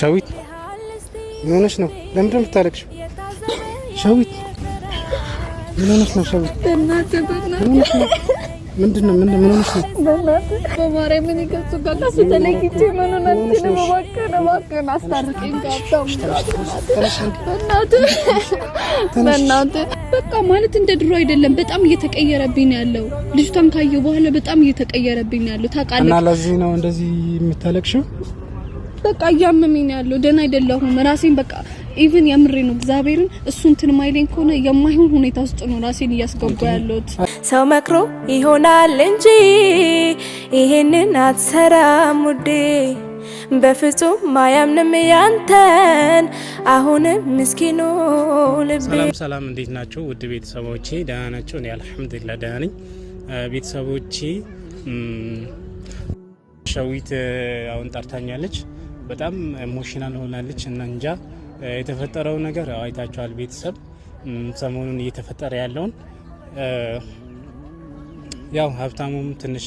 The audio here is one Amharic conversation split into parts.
ሻዊት የሆነች ነው። ለምንድን ነው የምታለቅሽው? ሻዊት የሆነች ነው። ሻዊት ምንድን ነው? ምን ሆነች ነው? በቃ ማለት እንደ ድሮ አይደለም። በጣም እየተቀየረብኝ ያለው። ልጅቷን ካየሁ በኋላ በጣም እየተቀየረብኝ ያለው። ታውቃለህ። እና ለዚህ ነው እንደዚህ የምታለቅሽው በቃ እያመመኝ ያለው ደህና አይደለሁም። ራሴን በቃ ኢቭን የምሬ ነው እግዚአብሔርን እሱ እንትን ማይለኝ ከሆነ የማይሆን ሁኔታ ውስጥ ነው ራሴን እያስገባ ያለሁት። ሰው መክሮ ይሆናል እንጂ ይህንን አትሰራም ውዴ፣ በፍጹም ማያምንም ያንተን አሁንም ምስኪኑ ልቤ። ሰላም ሰላም፣ እንዴት ናቸው ውድ ቤተሰቦቼ? ደህና ናቸው? እኔ አልሐምዱሊላ ደህና ነኝ። ቤተሰቦቼ ሸዊት አሁን ጠርታኛለች። በጣም ኢሞሽናል ሆናለች እና እንጃ የተፈጠረው ነገር አይታችኋል። ቤተሰብ ሰሞኑን እየተፈጠረ ያለውን ያው ሀብታሙም ትንሽ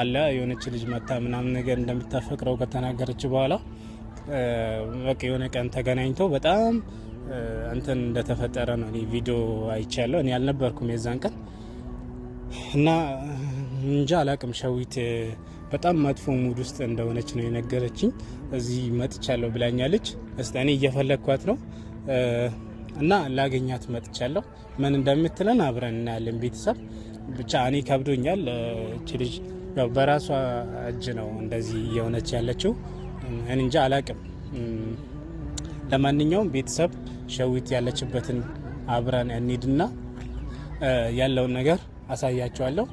አለ የሆነች ልጅ መታ ምናምን ነገር እንደምታፈቅረው ከተናገረች በኋላ በቃ የሆነ ቀን ተገናኝተው በጣም እንትን እንደተፈጠረ ነው። እኔ ቪዲዮ አይቻለሁ። እኔ አልነበርኩም የዛን ቀን እና እንጃ አላቅም ሸዊት በጣም መጥፎ ሙድ ውስጥ እንደሆነች ነው የነገረችኝ። እዚህ መጥቻለሁ ብላኛለች። እስቲ እኔ እየፈለግኳት ነው እና ላገኛት መጥቻለሁ። ምን እንደምትለን አብረን እናያለን። ቤተሰብ ብቻ እኔ ከብዶኛል። እች ልጅ በራሷ እጅ ነው እንደዚህ እየሆነች ያለችው። እኔ እንጃ አላቅም። ለማንኛውም ቤተሰብ ሸዊት ያለችበትን አብረን እንሂድና ያለውን ነገር አሳያችኋለሁ።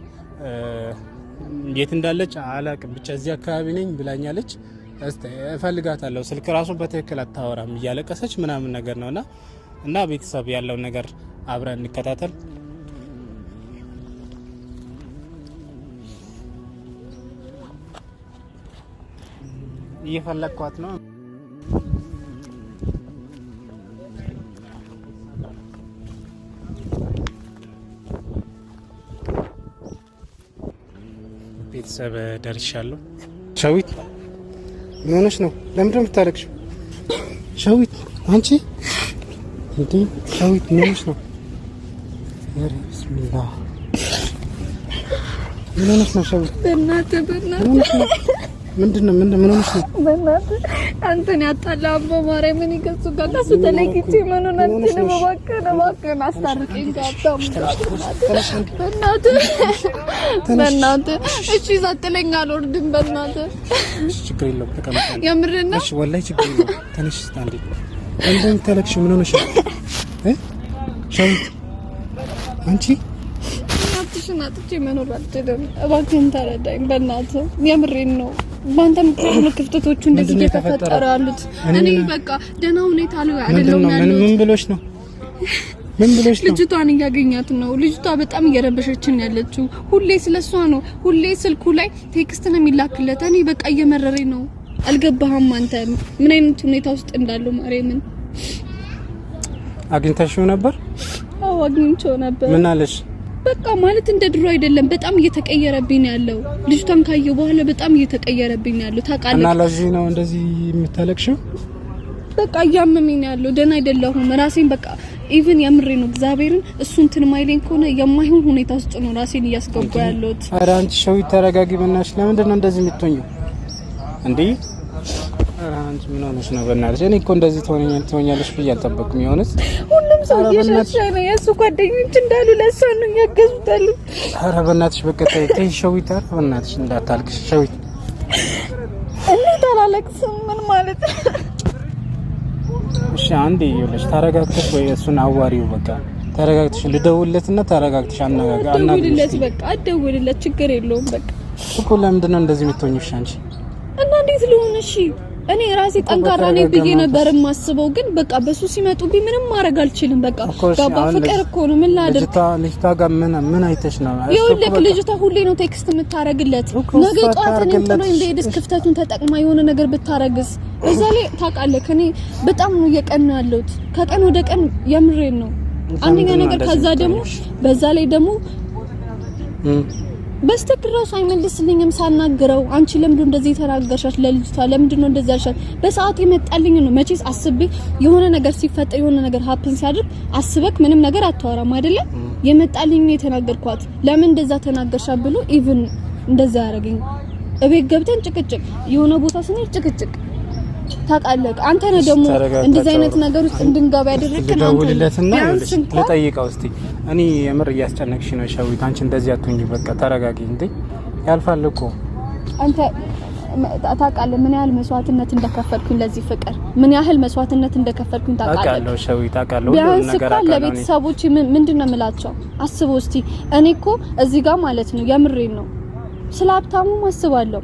የት እንዳለች አላቅም፣ ብቻ እዚህ አካባቢ ነኝ ብላኛለች። እፈልጋታለሁ ስልክ ራሱ በትክክል አታወራም እያለቀሰች ምናምን ነገር ነውና እና ቤተሰብ ያለው ነገር አብረን እንከታተል። እየፈለግኳት ነው። ቤተሰብ ደርሻለሁ። ሸዊት የሆነች ነው። ለምንድነው የምታለቅሽው? ሸዊት አንቺ እንዴ! ሸዊት የሆነች ነው። ቢስሚላህ የሆነች ነው። ሸዊት በእናትህ በእናትህ ምንድነው? ምን ምን ሆነሽ ነው? በእናትህ አንተን ያጣላህ በማርያምን ይገጹ ጋር ተለይቼ ምን ሆነህ ነው? እባክህን እባክህን አስታርቀኝ። በእናትህ በእናትህ እሺ፣ ዛጥለኝ አልወርድም። በእናትህ ችግር የለውም ተቀመጥ። የምርህን እሺ፣ ወላሂ ችግር የለውም ተነሽ። ስታንዲ ተለክሽ ምን ሆነሽ ነው? እ ሻዊት አንቺ እናትሽን አጥቼ መኖር አልችልም። እባክህን ተረዳኝ። በእናትህ የምሬን ነው። በአንተ ምክንያት ነው ክፍተቶቹ እንደዚህ እየተፈጠሩ ያሉት። እኔ በቃ ደህና ሁኔታ ነው አይደለም ያለው። ምን ብሎሽ ነው? ምን ብሎሽ ነው? ልጅቷን እያገኛት ነው። ልጅቷ በጣም እየረበሸችን ያለችው ሁሌ ስለሷ ነው። ሁሌ ስልኩ ላይ ቴክስት ነው የሚላክለት። እኔ በቃ እየመረረኝ ነው። አልገባህም? አንተ ምን አይነት ሁኔታ ውስጥ እንዳለው ማርያምን። አግኝተሽው ነበር? አዎ አግኝቼው ነበር። ምን አለሽ? በቃ ማለት እንደ ድሮ አይደለም። በጣም እየተቀየረብኝ ያለው ልጅቷን ካየሁ በኋላ በጣም እየተቀየረብኝ ያለው ታውቃለህ። እና ለዚህ ነው እንደዚህ የምታለቅሽው። በቃ እያመመኝ ያለው ደህና አይደለሁም። ራሴን በቃ ኢቭን የምሬ ነው እግዚአብሔርን እሱ እንትን ማይለኝ ከሆነ የማይሆን ሁኔታ ውስጥ ነው ራሴን እያስገባ ያለሁት። ኧረ አንቺ ሸዊ ተረጋጊ በእናትሽ። ለምንድን ነው እንደዚህ የምትሆኚው? እንዴ ኧረ አንቺ ምን ሆነሽ ነው በእናትሽ? እኔ እኮ እንደዚህ ትሆኛለሽ ብዬ አልጠበቅኩም የሆነስ ሰው እየሸሸነ የእሱ ጓደኞች እንዳሉ ለእሷ ነው ያገዙታሉ። ኧረ በእናትሽ በቀጣይ ተይ ሸዊት፣ ኧረ በእናትሽ እንዳታልቅሽ ሸዊት። እንዴት አላለቅስም? ምን ማለት እሺ፣ አንዴ ይኸውልሽ፣ ታረጋግተሽ ወይ እሱን አዋሪው በቃ ተረጋግተሽ ልደውልለትና ተረጋግተሽ አናጋጋ አናጋጋ በቃ አደውልለት፣ ችግር የለውም በቃ እኮ። ለምንድን ነው እንደዚህ የምትሆኚው? እሺ አንቺ እና እንዴት ልሆን? እሺ እኔ ራሴ ጠንካራ ነኝ ብዬ ነበር የማስበው፣ ግን በቃ በሱ ሲመጡብኝ ምንም ማድረግ አልችልም። በቃ ጋባ ፍቅር እኮ ነው። ምን ላድርግ? ልጅቷ ጋር ምን ምን አይተሽ ነው? ይኸውልህ ልጅቷ ሁሌ ነው ቴክስት የምታረግለት። ነገ ጧት እኔም ጥሎ እንደሄድስ ክፍተቱን ተጠቅማ የሆነ ነገር ብታረግስ? እዛ ላይ ታውቃለህ፣ ከኔ በጣም ነው እየቀና ያለሁት ከቀን ወደ ቀን። የምሬን ነው። አንደኛ ነገር ከዛ ደግሞ በዛ ላይ ደግሞ በስተክር ራሱ አይመልስልኝም ሳናግረው። አንቺ ለምንድን እንደዚህ የተናገርሻት? ለልጅቷ ለምንድን ነው እንደዚህ ያልሻት? በሰዓቱ የመጣልኝ ነው። መቼስ አስቤ የሆነ ነገር ሲፈጠር የሆነ ነገር ሀፕን ሲያድርግ አስበክ ምንም ነገር አታወራም አይደለ? የመጣልኝ ነው የተናገርኳት። ለምን እንደዛ ተናገርሻት ብሎ ኢቭን እንደዛ ያደረገኝ እቤት ገብተን ጭቅጭቅ፣ የሆነ ቦታ ስንሄድ ጭቅጭቅ ታውቃለህ። አንተ ነህ ደግሞ እንደዚህ አይነት ነገር ውስጥ እንድንገባ ያደረግከን አንተ ነህ። ልጠይቀው እስቲ። እኔ የምር እያስጨነቅሽ ነው ሸዊት። አንቺ እንደዚህ አትሁኝ፣ በቃ ተረጋጊ። እንዴ ያልፋል እኮ አንተ ታውቃለህ ምን ያህል መስዋዕትነት እንደከፈልኩኝ ለዚህ ፍቅር፣ ምን ያህል መስዋዕትነት እንደከፈልኩኝ ታውቃለህ። ቢያንስ እኮ ለቤተሰቦች ምንድን ነው የምላቸው? አስበው እስቲ። እኔ እኮ እዚህ ጋር ማለት ነው የምሬን ነው ስለ ሀብታሙ አስባለሁ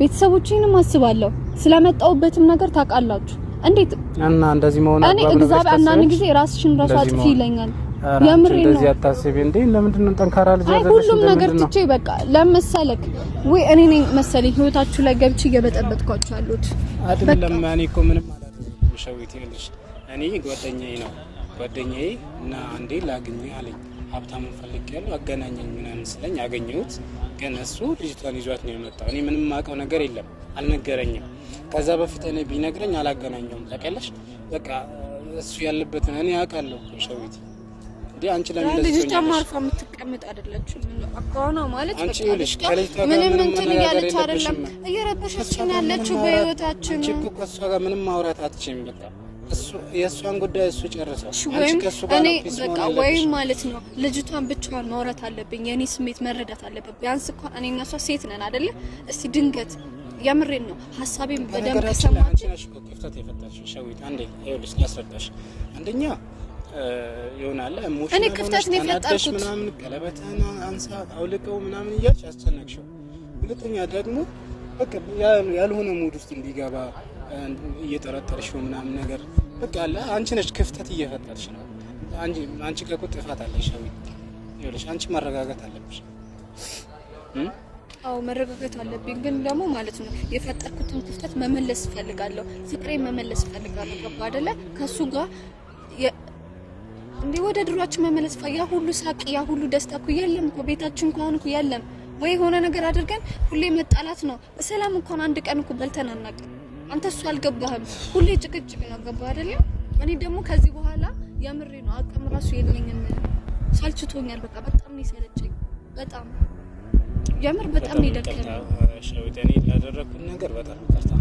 ቤተሰቦቼንም አስባለሁ። ስለመጣውበትም ነገር ታውቃላችሁ። እንዴት እና እንደዚህ መሆን እኔ እግዚአብሔር አንዳንድ ጊዜ ራስሽን ራሱ አጥፊ ይለኛል። የምሬ ነው። እንደዚህ አታስቢ እንዴ! ለምንድን ነው ጠንካራ ልጅ አይደለሽ? ሁሉም ነገር ትቼ በቃ ለምሳለክ ወይ እኔ ነኝ መሰለኝ ህይወታችሁ ላይ ገብቼ እየበጠበጥኳችሁ አሉት አይደለም። እኔ እኮ ምንም አላደረኩሽ። ሸዊት ይኸውልሽ፣ እኔ ጓደኛዬ ነው ጓደኛዬ እና አንዴ ላግኝ አለኝ ሀብታም ፈልግ ያሉ አገናኘኝ ምናምን ስለኝ ያገኘሁት ግን እሱ ልጅቷን ይዟት ነው የመጣው። እኔ ምንም ማውቀው ነገር የለም፣ አልነገረኝም። ከዛ በፊት እኔ ቢነግረኝ አላገናኘውም። ታውቂያለሽ፣ በቃ እሱ ያለበትን እኔ አውቃለሁ። ሸዊት እንዴ አንቺ ለምን ልጅ ጫማርፋ የምትቀመጥ አይደለችም። ማለት አንቺ ልጅ ምንም እንትን እያለች አይደለም፣ እየረበሸችን ያለችው በህይወታችን። እኮ ከእሷ ጋር ምንም ማውራት አትችም በቃ የእሷን ጉዳይ እሱ ጨርሰው ወይም ማለት ነው ልጅቷን ብቻዋን ማውራት አለብኝ። የእኔ ስሜት መረዳት አለብኝ። ቢያንስ እኮ እኔ እና ሴት ነን አይደለ? እስቲ ድንገት የምሬን ነው ሀሳቤን በደንብ ሰማች። ክፍተት የፈታች ሸዊት አንዴ ይኸውልሽ፣ ያስረዳሽ አንደኛ ይሆናል እኔ ክፍተት ነው የፈጠርኩት ምናምን ቀለበትን አንሳ አውልቀው ምናምን እያልሽ ያስጨነቅሽው። ሁለተኛ ደግሞ በቃ ያልሆነ ሙድ ውስጥ እንዲገባ እየጠረጠርሽው ምናምን ነገር በቃ ያለ አንቺ ነች ክፍተት እየፈጠርሽ ነው። አንቺ ጋር እኮ ጥፋት አለሽ። ይኸውልሽ አንቺ መረጋጋት አለብሽ። አዎ መረጋጋት አለብኝ። ግን ደግሞ ማለት ነው የፈጠርኩትን ክፍተት መመለስ እፈልጋለሁ፣ ፍቅሬ መመለስ እፈልጋለሁ። ገባ አይደለ? ከሱ ጋር እንዲህ ወደ ድሯችን መመለስ ያ ሁሉ ሳቅ፣ ያ ሁሉ ደስታ እኮ የለም እኮ ቤታችን ከሆነ እኮ የለም ወይ የሆነ ነገር አድርገን ሁሌ መጣላት ነው። በሰላም እንኳን አንድ ቀን እኮ በልተን አናውቅም። አንተ እሱ አልገባህም። ሁሌ ጭቅጭቅ ነው። ገባ አይደለም? እኔ ደግሞ ከዚህ በኋላ የምሬ ነው አቅም ራሱ የለኝም። ሳልችቶኛል፣ በቃ በጣም ነው የሰለቸኝ። በጣም የምር በጣም ነው የደከመኝ። እኔ ላደረኩት ነገር በጣም ይቅርታ።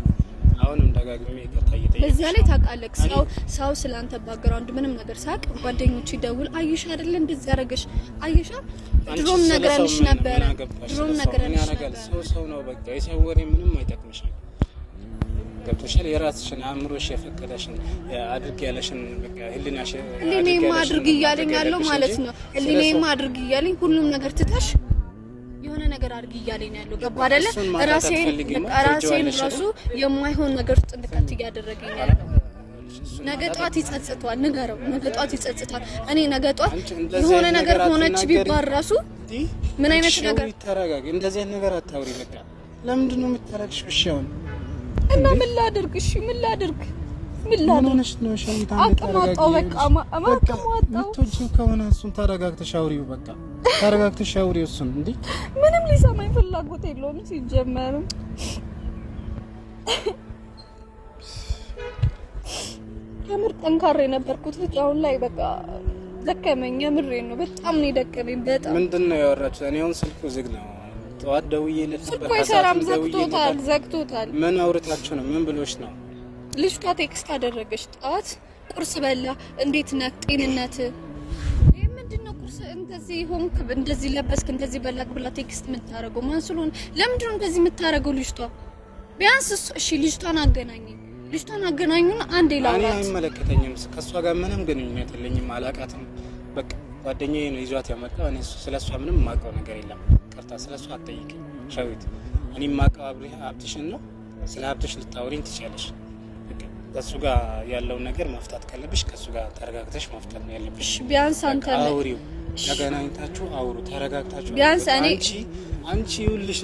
አሁንም ደጋግሜ ይቅርታ እየጠየኩ በዚያ ላይ ታውቃለህ፣ ሰው ሰው ስለአንተ ባግራውንድ ምንም ነገር ሳቅ ጓደኞች ይደውል አየሽ አይደለ እንደዚህ ያደረገሽ አየሻ፣ ድሮም ነግረንሽ ነበረ፣ ድሮም ነግረንሽ ነበረ። ሰው ሰው ነው በቃ የሰው ወሬ ምንም አይጠቅም ገብቶሻል። የራስሽን አእምሮሽ የፈቀደሽን አድርግ ያለሽን በቃ ህሊናሽ ህሊኔማ አድርግ እያለኝ ያለው ማለት ነው። ህሊኔማ አድርግ እያለኝ ሁሉም ነገር ትተሽ የሆነ ነገር አድርግ እያለኝ ያለው። ገባ አይደለ? ራሴን ራሴን ራሱ የማይሆን ነገር ውስጥ እንድከት እያደረገኝ ያለው ነገ ጧት ይጸጽቷል። ንገረው፣ ነገ ጧት ይጸጽቷል። እኔ ነገ ጧት የሆነ ነገር ሆነች ቢባል ራሱ ምን አይነት ነገር ተረጋግ፣ እንደዚህ ነገር አታውሪ። በቃ ለምንድን ነው የምታረግሽ? ብሻውን እና ምን ላድርግ? እሺ ምን ላድርግ? ምን ላድርግ? አቅም አጣሁ። በቃ አቅም አጣሁ። እምትወጂው ከሆነ እሱን ተረጋግተሽ አውሪው። በቃ ተረጋግተሽ አውሪው እሱን። እንዴ ምንም ሊሰማኝ ፍላጎት የለውም ሲጀመርም። ከምር ጠንካራ የነበርኩት ልጅ አሁን ላይ በቃ ደከመኝ። የምሬን ነው። በጣም ነው የደከመኝ። በጣም ምንድን ነው ያወራችሁት? እኔ አሁን ስልኩ ዝግ ነው ጠዋት ደውዬለት ስልኩ አይሰራም፣ ዘግቶታል ዘግቶታል። ምን አውርታችሁ ነው? ምን ብሎች ነው? ልጅቷ ቴክስት አደረገች ጠዋት ቁርስ በላ፣ እንዴት ነህ? ጤንነት ይህ እንደዚህ ሆንክ፣ እንደዚህ ለበስክ፣ እንደዚህ በላክ ብላ ቴክስት የምታደርገው ማን ስለሆነ? ለምንድን ነው እንደዚህ የምታደርገው? ልጅቷ ቢያንስ እሺ፣ ልጅቷን አገናኝ ልጅቷን አገናኙን አንዴ ላውራት። እኔ አይመለከተኝም፣ ከእሷ ጋር ምንም ግንኙነት የለኝም፣ አላውቃትም በቃ ጓደኛዬ ነው ይዟት ያመጣው። እኔ ስለ እሷ ምንም የማውቀው ነገር የለም። ቀርታ ስለ እሷ አትጠይቅኝ ሸዊት። እኔ የማውቀው አብሪ ሀብትሽን ነው። ስለ ሀብትሽ ልታወሪኝ ትችያለሽ። ከሱ ጋር ያለውን ነገር መፍታት ካለብሽ ከሱ ጋር ተረጋግተሽ መፍታት ነው ያለብሽ። ቢያንስ አንተ አውሪው፣ ተገናኝታችሁ አውሩ፣ ተረጋግታችሁ ቢያንስ እኔ አንቺ ይኸውልሽ፣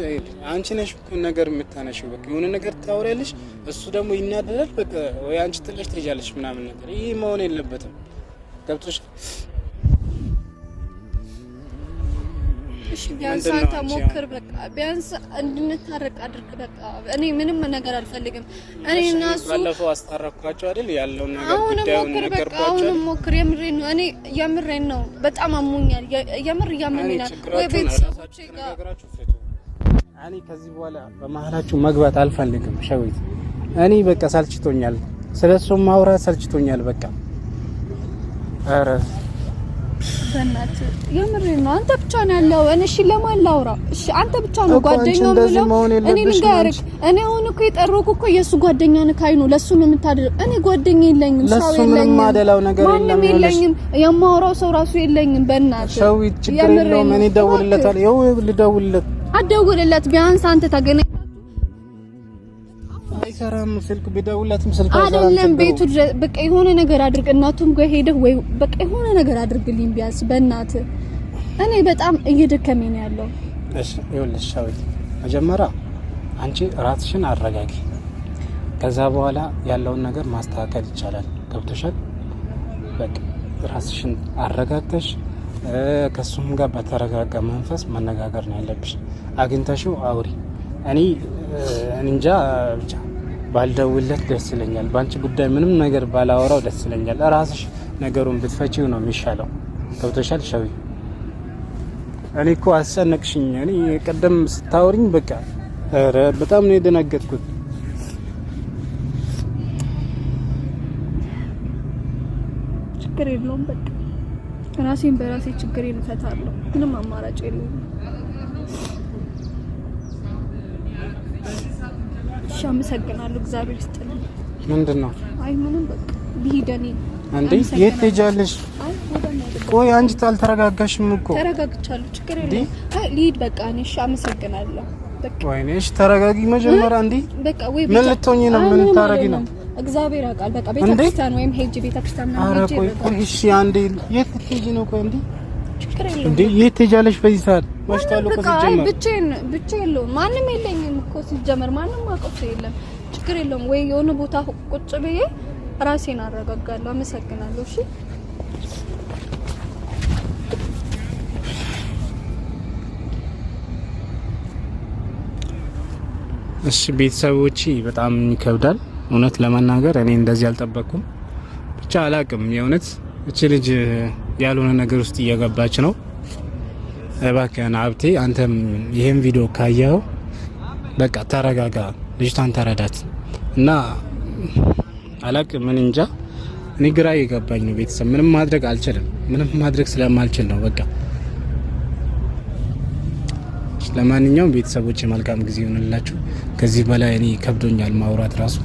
አንቺ ነሽ ነገር የምታነሺው። በቃ የሆነ ነገር ታወሪያለሽ፣ እሱ ደግሞ ይናደዳል። በቃ ወይ አንቺ ትለሽ ትሄጃለሽ ምናምን ነገር። ይህ መሆን የለበትም። ገብቶሽ እሺ ቢያንስ አንተ ሞክር፣ በቃ ቢያንስ እንድንታረቅ አድርግ። በቃ እኔ ምንም ነገር አልፈልግም። እኔ እና እሱ ባለፈው አስታረቅኳቸው አይደል? ያለውን ነገር ጉዳዩን ነገርኳቸው። አሁንም ሞክር፣ የምሬን ነው። እኔ የምሬን ነው። በጣም አሞኛል፣ የምር እያመመኛል። ወይ ቤተሰቦቼ ጋር እኔ ከዚህ በኋላ በመሀላችሁ መግባት አልፈልግም። ሸዊት እኔ በቃ ሰልችቶኛል፣ ስለሱ ማውራት ሰልችቶኛል። በቃ ኧረ በእናትህ የምሬን ነው። አንተ ብቻ ነው ያለው። እኔ እሺ ለማን ላውራ? እሺ አንተ ብቻ ነው ጓደኛው እኔ ልንገርህ፣ እኔ አሁን እኮ እኮ የእሱ ጓደኛ ነህ። አይ ለእሱ ነው የምታደርገው። እኔ ጓደኛ የለኝም፣ ሰው የለኝም፣ ማንም የለኝም፣ የማወራው ሰው ራሱ የለኝም። በእናትህ ሰው ይጭ እኔ ይኸው ልደውልለት። አትደውልለት፣ ቢያንስ አንተ ታገናኝ አይሰራም። ስልክ ስልክ አይሰራም። አይደለም ቤቱ በቃ የሆነ ነገር አድርግ፣ እናቱም ጋር ሄደህ ወይ በቃ የሆነ ነገር አድርግልኝ ቢያንስ እኔ በጣም እየደከመኝ ነው ያለው። እሺ ይኸውልሽ፣ ሻዊት መጀመሪያ አንቺ ራስሽን አረጋጊ፣ ከዛ በኋላ ያለውን ነገር ማስተካከል ይቻላል። ገብቶሻል? በቃ ራስሽን አረጋግተሽ ከሱም ጋር በተረጋጋ መንፈስ መነጋገር ነው ያለብሽ። አግኝተሽው አውሪ። እኔ እንጃ ብቻ ባልደውለት ደስ ይለኛል። በአንቺ ጉዳይ ምንም ነገር ባላወራው ደስ ይለኛል። ራስሽ ነገሩን ብትፈቺው ነው የሚሻለው። ገብቶሻል ሸዊ? እኔ እኮ አስጨነቅሽኝ። እኔ ቀደም ስታወሪኝ በቃ ኧረ በጣም ነው የደነገጥኩት። ችግር የለውም በቃ ራሴን በራሴ ችግር እፈታለሁ። ምንም አማራጭ የለውም። እሺ፣ አመሰግናለሁ። እግዚአብሔር ይስጥልኝ። ምንድን ነው? አይ ምንም በቃ ልሂድ እኔ። እንዴ የት ትሄጃለሽ? ቆይ አንቺ አልተረጋጋሽም እኮ። ተረጋግቻለሁ፣ ችግር የለም። አይ በቃ እኔ። እሺ፣ አመሰግናለሁ። ወይኔ ተረጋጊ መጀመሪያ። እንዴ በቃ ወይ ምን ልትሆኚ ነው? ምን ታረጊ ነው? እግዚአብሔር ያውቃል። በቃ ቤተክርስቲያን ወይም ሄጅ ቤተክርስቲያን ነው። ኧረ ቆይ ቆይ፣ እሺ አንዴ፣ የት ልትሄጂ ነው? ቆይ እንዴ የት ሄጃለሽ? በዚህ ሰዓት ወሽታሉ። ከዚህ ብቻዬን ብቻዬን ማንም የለኝም እኮ ሲጀመር ማንም አውቀው የለም። ችግር የለውም ወይ የሆነ ቦታ ቁጭ ብዬ ራሴን አረጋጋለሁ። አመሰግናለሁ። እሺ እሺ ቤተሰቦቼ በጣም ይከብዳል። እውነት ለመናገር እኔ እንደዚህ አልጠበቅኩም። ብቻ አላቅም የእውነት እቺ ልጅ ያልሆነ ነገር ውስጥ እየገባች ነው። እባክህን ሀብቴ አንተም ይህም ቪዲዮ ካየኸው በቃ ተረጋጋ፣ ልጅቷን ተረዳት እና አላቅ ምን እንጃ እኔ ግራ የገባኝ ነው። ቤተሰብ ምንም ማድረግ አልችልም። ምንም ማድረግ ስለማልችል ነው በቃ። ለማንኛውም ቤተሰቦች መልካም ጊዜ ይሆንላችሁ። ከዚህ በላይ እኔ ከብዶኛል ማውራት ራሱ